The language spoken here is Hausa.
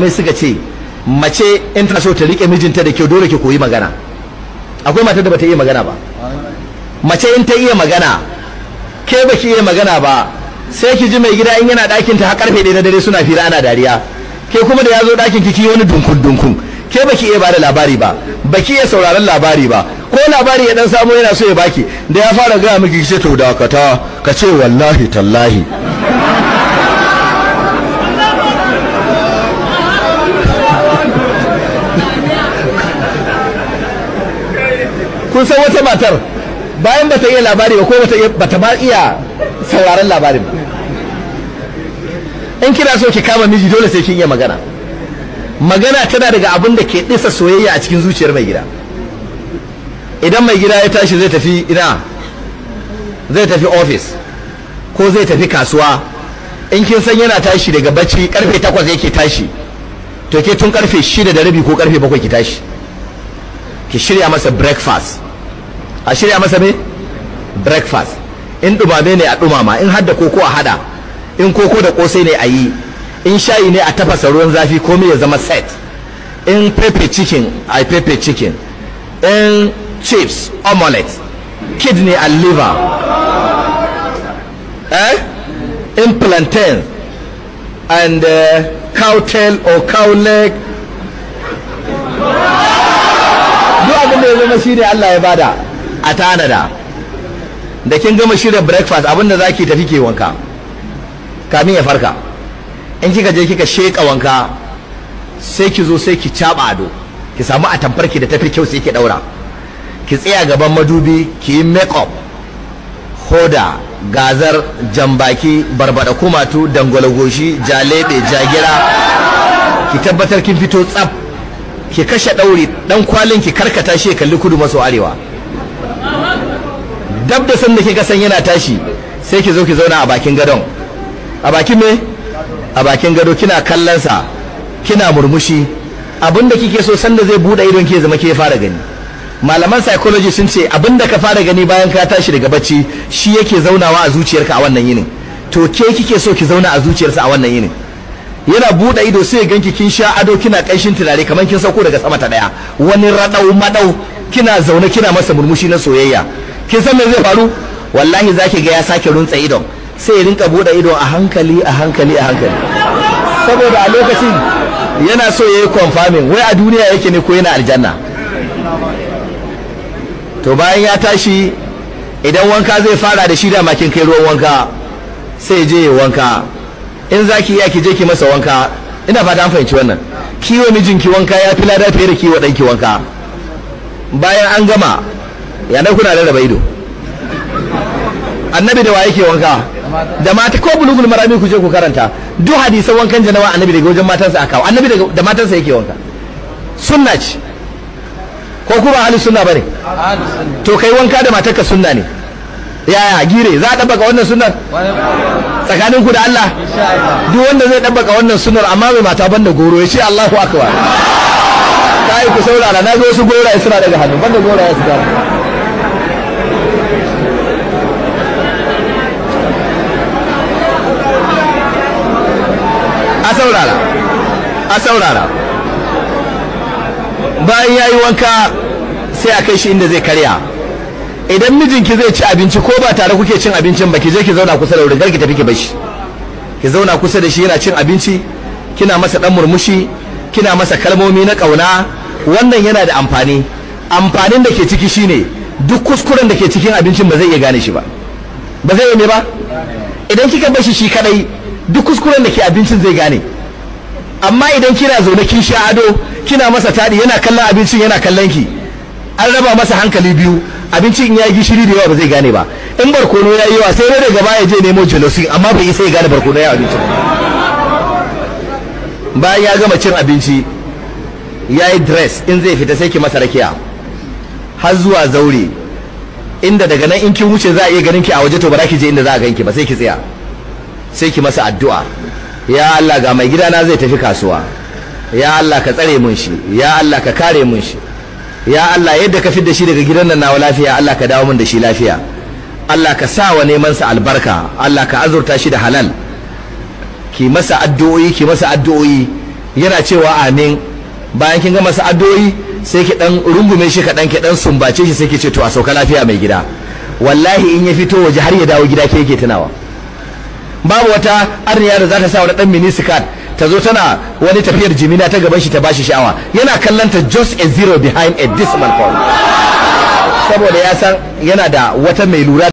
mai suka ce mace in tana so ta rike mijinta da kyau dole ke koyi magana akwai matar da bata iya magana ba mace in ta iya magana ke baki iya magana ba sai ki ji mai gida in yana ɗakin ta har karfe ɗaya na dare suna fira ana dariya ke kuma da ya zo ɗakin ki wani dunkun dunkun ke baki iya bada labari ba baki iya sauraron labari ba ko labari ya dan samu yana so ya baki da ya fara gaya miki ki ce to dakata ka ce wallahi tallahi kun san wata matar bayan ba ta iya labari ba ko ba iya ma iya sauraron labarin ba in kina so ki kama miji dole sai kin iya magana magana tana daga abin da ke ɗisa soyayya a cikin zuciyar mai gida idan mai gida ya tashi zai tafi ina zai tafi office ko zai tafi kasuwa in kin san yana tashi daga bacci karfe takwas yake tashi to ke tun karfe shida da rabi ko karfe bakwai ki tashi ki shirya masa breakfast a shirya masa me breakfast in dumame ne a dumama in hadda koko a hada in koko da kosai ne a yi in shayi ne a tafasa ruwan zafi komai ya zama set in pepe chicken a pepe chicken in chips omelette kidney and liver eh? in plantain and uh, cow tail or cow leg duk abin ya zama shi ne Allah ya bada a tanada da kin gama shirya breakfast abinda za ki tafi ke wanka kamin ya farka in kika je kika sheka wanka sai ki zo sai ki caɓa ado ki samu a tamfarki da tafi kyau sai ki ɗaura ki tsaya gaban madubi ki yi make-up hoda gazar jambaki barbada kumatu dangwalagoshi jalebe jagira ki tabbatar kin fito tsaf ki kashe ɗauri ɗan kwalin ki karkata shi kalli kudu maso arewa dab da sanda kika san yana tashi sai ki zo ki zauna a bakin gadon a bakin me a bakin gado kina kallon kina murmushi abinda kike so sanda zai bude idon ke zama ke fara gani malaman psychology sun ce abinda ka fara gani bayan ka tashi daga bacci shi yake zaunawa a zuciyarka a wannan yinin to ke kike so ki zauna a zuciyarsa a wannan yinin yana bude ido sai ya ganki kin sha ado kina kanshin tunare kamar kin sauko daga sama ta ɗaya wani raɗau maɗau kina zaune kina masa murmushi na soyayya kin san me zai faru wallahi zaki ga ya sake runtsa ido. sai ya rinka bude ido a hankali a hankali a hankali saboda a lokacin yana so yayi yi confirming wai a duniya yake ne ko yana aljanna to bayan ya tashi idan wanka zai fara da shi da makin kai ruwan wanka sai je wanka in za ki iya ki je ki masa wanka ina fata an fahimci wannan kiwo mijinki wanka ya fi lada fiye da kiwo danki wanka bayan an gama ya dai kuna rarraba ido annabi da wa yake wanka da mata ko bulugul marami ku je ku karanta duk hadisan wankan janawa annabi daga wajen matansa aka kawo annabi da matansa yake wanka sunna ce ko kuma ahli sunna bane to kai wanka da matarka sunna ne yaya gire za a dabbaka wannan sunnar tsakanin ku da Allah duk wanda zai dabbaka wannan sunnar amma mai mata banda goro ya ce Allahu akbar kai ku saurara na ga wasu goraye suna daga hannu banda goraye su daga a saurara a saurara bayan ya yi wanka sai a kai shi inda zai karya idan mijinki zai ci abinci ko ba tare kuke cin abincin ba ki je ki zauna kusa da wurin ki tafi ki bashi ki zauna kusa da shi yana cin abinci kina masa dan murmushi kina masa kalmomi na kauna wannan yana da amfani amfanin da ke ciki shine duk kuskuren da ke cikin abincin ba zai iya gane shi ba ba zai iya ne ba idan kika bashi shi kadai duk kuskuren da ke abincin zai gane amma idan kina zaune kin sha ado kina masa tadi yana kallon abincin yana kallon ki an raba masa hankali biyu abincin in ya gishiri da yawa ba zai gane ba in barkono ya yi yawa sai dai daga baya je nemo jealousy amma bai isa ya gane barkono ya abincin bayan ya gama cin abinci ya yi dress in zai fita sai ki masa rakiya har zuwa zaure inda daga nan in kin wuce za a iya ganin ki a waje to ba za ki je inda za a ganki ba sai ki tsaya sai ki masa addu'a ya Allah ga mai gidana zai tafi kasuwa ya Allah ka tsare mun shi ya Allah ka kare mun shi ya Allah yadda ka fi da shi daga gidan nan nawa lafiya Allah ka dawo mun da shi lafiya Allah ka sa wa neman sa albarka Allah ka azurta shi da halal ki masa addu'o'i ki masa addu'o'i yana cewa amin bayan kin ga masa addu'o'i sai ki dan rungume shi kaɗan ki dan sumbace shi sai ki ce to a sauka lafiya mai gida wallahi in ya fito waje har ya dawo gida ke yake tunawa babu wata arniya da za ta sa wani dan minisikat ta zo tana wani tafiyar jimina ta gaban shi ta bashi sha'awa yana kallon ta just a zero behind a dismal phone. saboda ya san yana da wata mai lura